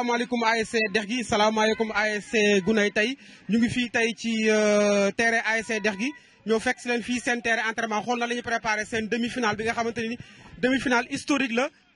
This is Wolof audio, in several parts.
salaamaaleykum ASC Dex gi salaamaaleykum ASC Guney tey ñu ngi fii tey ci euh, terrain ASC Dex gi ñoo fekk si leen fii seen terrain entraînement xool na la ñuy préparé seen demi-finale bi nga xamante ni demi-finale historique la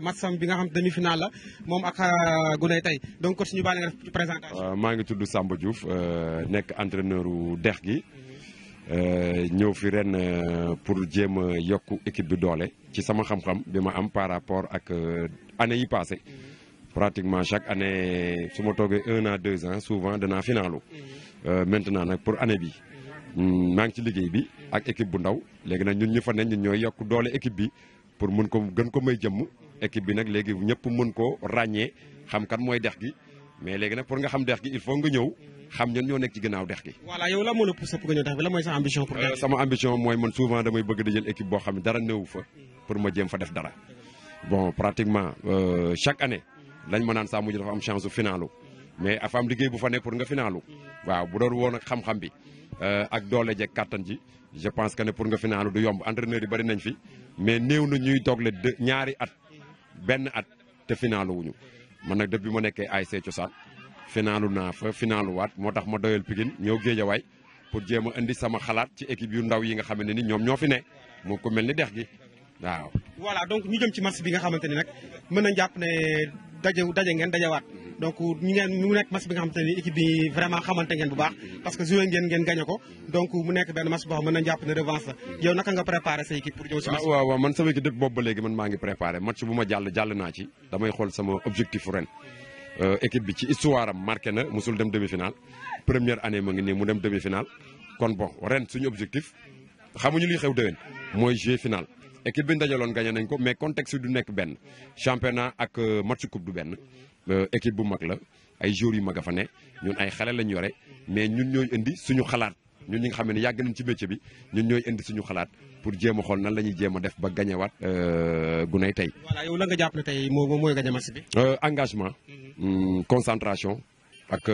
matcham bi nga xam demi-finale la moom ak euh, Guney tey donc coach ñu bàyyi nga def présentation. maa ngi tudd Samba Diouf euh, nekk entraîneur u dex gi. Euh, ñëw fi ren pour jéem a yokk équipe bi doole ci sama xam-xam bi ma am par rapport ak année yi passé pratiquement chaque année su ma toogee un à deux ans souvent danaa finalu maintenant nag pour année bi hmm, maa ngi ci liggéey bi ak équipe bu ndaw léegi nag ñun ñu fa ne ñun ñooy yokk doole équipe bi pour mun ko gën ko may jëmm équipe bi nak légui ñepp mën ko ragné xam kan moy dex gi mais légui nak pour nga xam dex gi il faut nga ñëw xam ñan ñoo nek ci gënaaw dex gi. wala yow la mëna pousser pour nga ñëw dex bi la moy sa ambition. pour euh, sama ambition moy man souvent damay bëgg di jël équipe bo xam dara neewu fa pour ma jëm fa def dara bon pratiquement euh, chaque année lañ ma naan sa mu jël fa am chance finalu mais afam am liggéey bu fa nek pour nga finalu waaw bu doon woon xam-xam bi euh, ak doole je carton ji je pense que ne pour nga finalu du yomb entraîneur yi bari nañ fi mais néew na ñuy toog ñaari at benn at te finaalu wuñu man nag depuis ma nekkee ASC cosaan finaalu naa fa finaalu waat moo tax ma doyal Pikine ñëw Géejawaay pour jéem a indi sama xalaat ci équipe yu ndaw yi nga xam ni ñoom ñoo fi ne moom ko mel ni dex gi waaw. voilà donc ñu jëm ci match bi nga xamante ni nag mën na jàpp ne daje daje ngeen dajawaat. donc ñu ngeen mu nek match bi nga xamanteni équipe bi vraiment xamanté ngeen bu baax parce que joué ngeen ngeen gagné ko donc mu nek ben match bo xam mën na jàpp ne revanche yow naka nga préparer sa équipe pour ñëw si ah, waaw waaw man sama équipe dëpp bobu légui man ma ngi préparer match buma jall jall na ci damay xol sama objectif ren euh, équipe bi ci histoire am marqué na musul dem demi finale première année ma ngi ni mu dem demi finale kon bon ren suñu objectif xamuñu li xew déwén moy jeu final équipe bi ndajalon gagné nañ ko mais contexte du nek ben championnat ak euh, match coupe du ben Euh, équipe bu mag la ay joueurs yu mag a fa ne ñun ay xale lañ yore mais ñun ñooy indi suñu xalaat ñun ñi nga xam ne nañ ci métier bi ñun ñooy indi suñu xalaat pour jéem a nan def ba gañewaat euh, gunay tey. yow la nga match bi. Euh, engagement. Hmm, concentration ak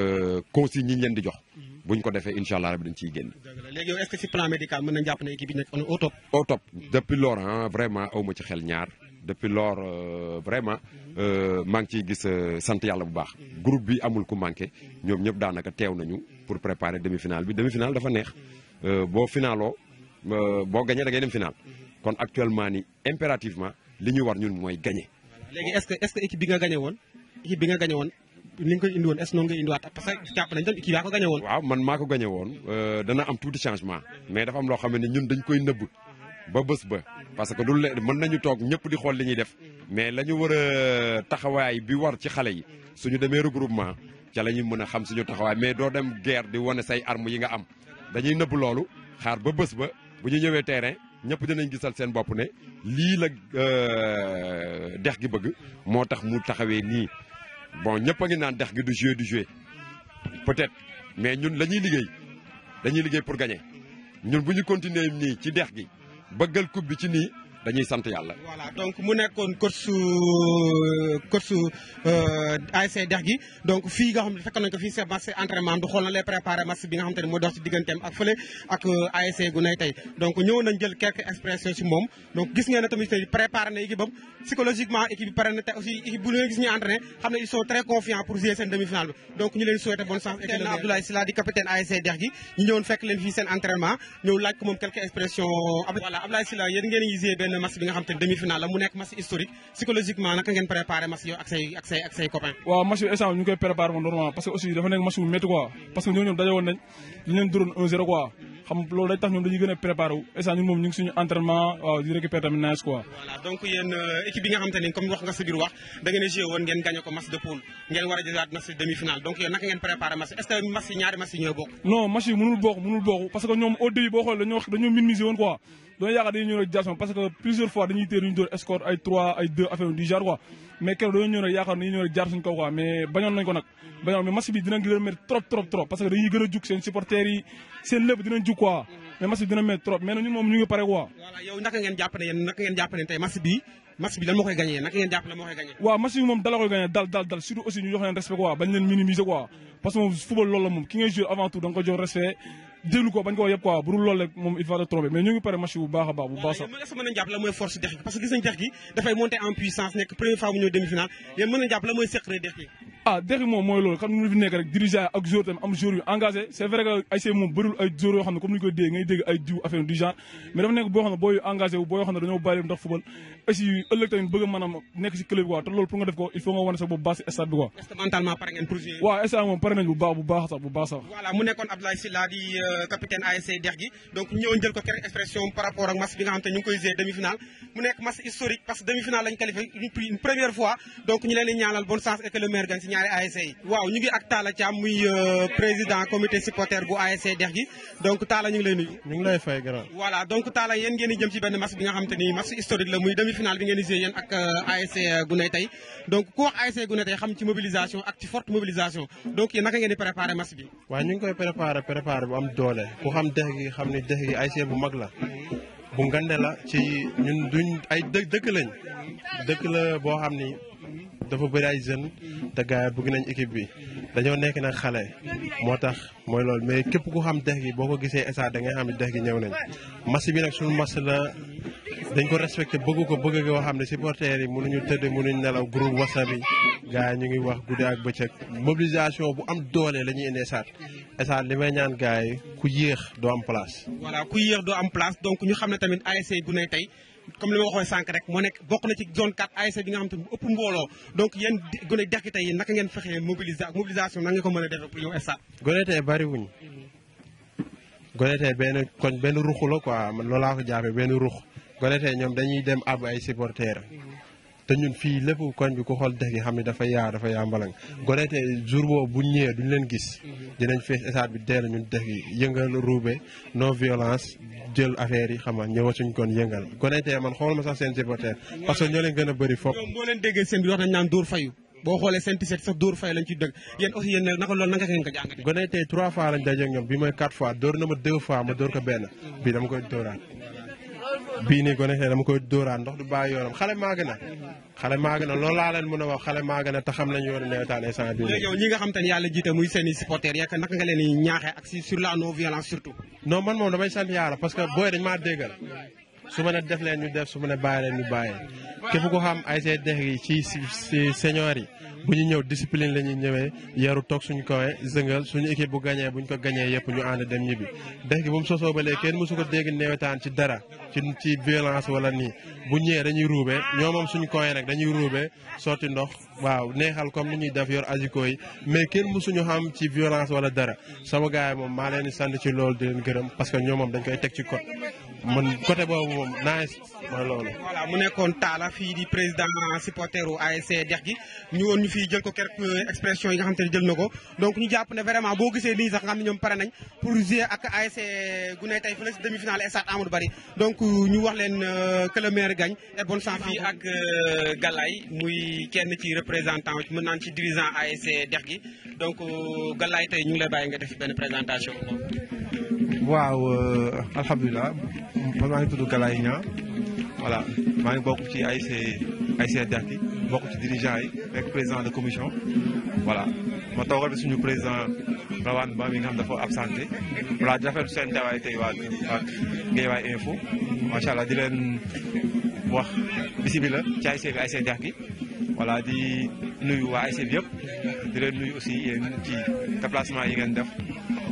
consigne yi ñu leen di jox. buñ ko allah dañ ciy yow est-ce plan médical mën nañ jàpp équipe bi au top. au top depuis lors vraiment aw ci xel ñaar depuis lor euh, vraiment mhm. euh mang ci gis euh, sante yalla bu baax mhm. groupe bi amul ku manqué ñoom ñëpp daanaka teew nañu pour préparer demi finale bi demi finale dafa neex mhm. euh, bo finalo bo gagné da ngay dem finale kon actuellement ni impérativement li ñu war ñun moy gagné. légui est-ce que est-ce que équipe bi nga gagné won équipe bi nga gagné won ni nga indi won est-ce que noonu nga parce que jàpp nañ tam équipe yaa ko gagné won waaw man mako gagné won euh dana am tuuti changement mais dafa am lo xamné ne ñun dañ koy neub ba bés ba parce que du leen mën nañu toog ñëpp di xool li ñuy def mais la ñu war a taxawaay bi war ci xale yi suñu demee regroupement ca la ñuy mën a xam suñu taxawaay mais doo dem guerre di wane say arm yi nga am dañuy nëbb loolu xaar ba bës ba bu ñu ñëwee terrain ñëpp dinañ gisal seen bopp ne lii la euh, dex gi bëgg moo tax mu taxawee nii bon ñëpp a ngi naan dex gi du jouer du jouer peut-être mais ñun la ñuy liggéey dañuy liggéey pour gagner ñun bu ñu continuer nii ci dex gi bëggal coupe bi ci nii dañuy sant yàlla. voilà donc mu nekkoon coach su coach euh, su ASC Dex gi donc fii nga xam ne fekk nañ ko fii seen match entraînement du xool na lay préparé match bi nga xam te ne moo dox ci digganteem ak fële ak euh, ASC gu nay tey donc ñëw nañ jël quelques expressions ci moom donc gis ngeen ne tamit tey préparé na équipe am psychologiquement équipe bi pare na te aussi équipe bu ñu gis ñu entraîné xam ne ils sont très confiants pour jouer seen demi-finale bi donc ñu leen souhaité bonne chance. kenn Abdoulaye Sylla di capitaine ASC Dex gi ñu ñëwoon fekk leen fii seen entraînement ñëw laaj ko moom quelques expressions. voilà Abdoulaye Sylla yéen ngeen na match nga xam te ne demi finale la mu nekk match historique psychologiquement naka ngeen préparé match yow ak say ak say ak say copains waaw match bi ñu ngi koy préparé moom normalement parce que aussi dafa nekk match bu métti quoi parce que ñoo ñoom daje woon nañ li leen dóoroon 1-0 quoi xam loolu day tax ñoom dañuy gën a préparé wu instant ñun moom ñu ngi suñu waaw di récupérer tamit nice quoi. voilà donc euh, équipe bi nga xamante ne comme nga sa wax da a joué woon war a jëlaat match demi finale donc yéen naka ngeen parce que plusieurs fois dañuy téer ñu door score ay 3 ay 2 affaire du genre quoi mais keroog dañoo ñëw rek yaakaar ni ñëw rek jaar suñ kaw quoi mais bañoon nañ ko nag bañoon mais match dina gën a trop trop trop parce que dañuy gën a seen supporters seen lépp dinañ jug quoi mais match dina métti trop mais ñun moom ñu ngi pare quoi voilà moom dala koy gagné dal dal surtout aussi ñu jox leen respect quoi bañ leen minimiser parce que moom football loolu moom ki ngay avant tout da nga ko déglu ko bañ koo yëpp quoi bu dul loolu moom il va te tromper mais ñu ngi pare match bu baax a baax bu baax sax mais est-ce la mooy force dex gi parce que gis nañ dex gi dafay monter en puissance nekk première fois bu ñëw demi-finale yéen mën nañ jàpp la mooy secret dex gi ah derrière moi mooy loolu xam ne mu fi nekk rek dirigeant ak joueur tamit am joueur engagé c' vrai que ASC moom bërul ay joueur yoo xam comme ni ñu koy dégg ngay dégg ay diw affaire du genre mais dafa nekk boo xam ne booy engagé wu boo yoo xam ne dañoo bàyyi ndax football aussi ëllëg tamit bëgg a maanaam nekk si club bi quoi te loolu pour nga def ko il faut nga wane sa bopp baax si stade bi quoi. est ce que mentalement pare ngeen projet waaw stade moom par nañ bu baax bu baax sax bu baax sax voilà mu nekkoon Abdoulaye Sylla di euh, capitaine ASC Dex donc ñëw jël ko kenn expression par rapport ak match bi nga xam te ñu koy jouer demi finale mu nekk match historique parce que demi finale lañ qualifié une première fois donc ñu leen ñaanal bonne chance et que le meilleur gagne ñaari ASC e yi waaw ñu ngi ak Talla Thiam muy euh, président comité supporter bu ASC e Dex gi donc Talla ñu ngi lay fay grand voilà donc Talla yéen ngeen di jëm ci benn match bi nga xam te ni match historique la muy demi-finale bi ngeen di joué yéen ak euh, ASC e, euh, Guney Tay donc ku wax ASC Guney Tay xam ci mobilisation ak ci forte mobilisation donc yéen naka ngeen di préparé match bi waaw ñu ngi koy préparé préparé bu am doole ku xam Dex gi xam ni Dex gi ASC bu mag la bu ngande dafa bëri ay jeunes te gars yi bëgg nañ bi dañoo nekk nag xale moo tax mooy loolu mais képp ku xam dex gi boo ko gisee esa da ngay xam ne dex gi ñëw nañ match bi nag suñu match la dañ ko respecté bëgg ko bëgg koo xam ne supporters yi mënuñu tëdd mënuñu nelaw groupe WhatsApp yi gars ñu ngi wax guddi ak bëccëg mobilisation bu am doole la ñuy indi esaat esaat li may ñaan gars yi ku yéex doo am place. ku yéex doo am place donc ñu xam ne tamit ASC Guney comme li ma waxoon sànq rek moo nekk bokk na ci zone 4 ASC bi nga xam te ëpp mbooloo donc yéen gone deqi tey naka ngeen fexe mobilisa mobilisation nan nga ko mën a defee pour ñëw stade. gone tey bari wuñ gone benn koñ benn ruxu la quoi man loolaa ko jàppee benn ruxu gone tey ñoom dañuy dem ab ay supporteurs. te ñun fii lépp koñ bi ku xool dex gi xam ne dafa yaa dafa yaa mbalang gone jour boobu bu ñëwee ñu leen gis mhm. dinañ fees état bi deel ñun dex gi yëngal ruube non violence jël affaire yi xam nga kon yëngal gone man xool ma sax seen supporter parce que ñoo leen gën a bëri fop boo leen déggee seen bi wax boo xoolee seen tiset sax dóor fay lañ ci dëgg yéen aussi yéen naka loolu naka ngeen ko jàngatee gone tey trois fois lañ dajeeg ñoom bi mooy quatre fois dóor na ma deux bii nii gone see dama koy dóoraan ndox du bàyyi yoonam xale maa gën a xale maa gën a loolu laa leen mën a wax xale maa gën te xam nañu yoonu nawetaan instant bii yow nga xam te yàlla jiite muy seen i supporters yeeg naka nga leen ñaaxee ak sur la non violence surtout non man moom damay sant yàlla parce que booy dañ maa déggal su ma ne def leen ñu def su ma ne bàyyi leen ñu bàyyi képp ko xam ay see dex yi ci si senior yi bu ñu ñëw discipline la ñuy ñëwee yaru toog suñu kawee zëngal suñu équipe bu gañee bu ñu ko gañee yëpp ñu ànd dem ñibbi dex gi bu mu sosoo ba léegi kenn mësu ko dégg newetaan ci dara ci ci violence wala nii bu ñëwee dañuy ruubee ñoo moom suñu kawee nag dañuy ruubee sotti ndox waaw neexal comme ni ñuy def yor aziko yi mais kenn mësuñu xam ci violence wala dara sama gars moom maa leen di ci loolu di leen parce que ñoo dañ koy teg ci code man côté boobu moom nice mooy loolu. voilà mu nekkoon Talla fii di président supporteru ASC Dex gi ñu woon ñu fii jël ko quelques euh, expressions yi nga xam te ne jël na ko donc ñu jàpp ne vraiment boo gisee nii sax nga xam ne ñoom pare nañ pour jouer ak ASC Guney Tay fële si demi finale stade Amadou Barry donc euh, ñu wax leen euh, que le meilleur gagne et bonne chance fii ak Galaye muy kenn ci représentant mën naan ci dirigeant ASC Dex gi donc Galaye tey ñu ngi lay bàyyi nga def benn présentation waaw euh, alhamdulilah man maa ngi tudd Galaye Niang voilà maa ngi bokk ci ASC ASC Derklé bokk ci dirigeant yi président de commission voilà ma toogal bi suñu président Rawane Ba mi nga xam dafa absenté voilà di rafetlu seen teewaay tey waa waa info macha allah di leen wax bisimilah ci ASC bi ASC Derklé voilà di nuyu waa ASC bi yëpp di leen nuyu aussi yéen ci déplacement yi ngeen def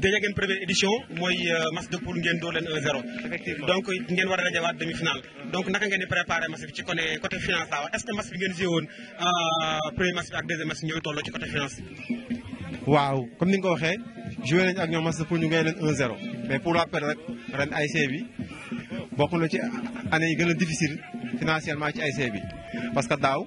déjà ngeen première édition mooy euh, match de poule ngeen dóor leen 1 donc ngeen war a dajawaat demi final. donc naka ngeen di préparé match bi ci côté côté finance laa wax est ce que match bi ngeen joué woon euh, premier match bi ak deuxième match ñooy tolloo ci côté finance. waaw comme ni nga ko waxee joué nañu ak ñoo match de poule ñu gañ leen 1-0 mais pour rappel rek ren ASC bi bokk na ci année yi gën a difficile financièrement ci ASC bi parce que daaw.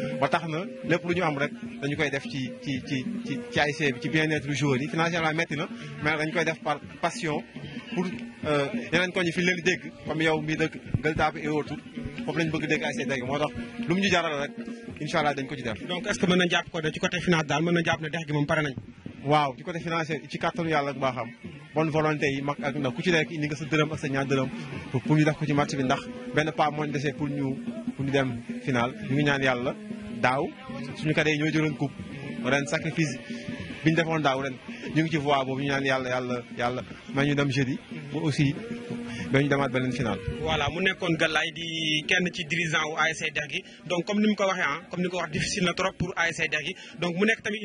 ba tax na lépp lu ñu am rek dañu koy def ci ci ci ci ci ASC bi ci bien-être joueur yi financièrement métti na mais dañ koy def par passion pour ñeneen euh, ko ñu fi leen dégg comme yow mii dëkk Gueule Tapée et autres foofu lañu bëgg dégg ASC moo tax lu jaral rek incha allah dañ ko ci def. donc est ce que mën na jàpp ko de ci côté finance daal mën dex gi moom pare nañ waaw ci côté financier ci kàttanu yàlla bu baaxam bonne volonté yi mag ak ndaw ku ci nekk indi nga sa dërëm ak sa ñaar dërëm pour ñu def ko ci match bi ndax benn pas mooñ desee pour ñu pour ñu dem final ñu ngi ñaan yàlla daaw suñu cadet yi ñoo jëloon coupe ren ngi ci voie boobu ñu yàlla yàlla yàlla may ñu dem jeudi. ñu demaat beneen final. voilà mu nekkoon ah, difficile na trop pour di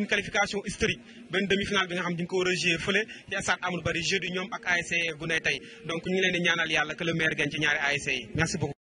nga ko war a jeudi ñoom ak ASC Guney tey donc ñu leen ñaanal yàlla que le meilleur ci ñaari ASC yi merci beaucoup.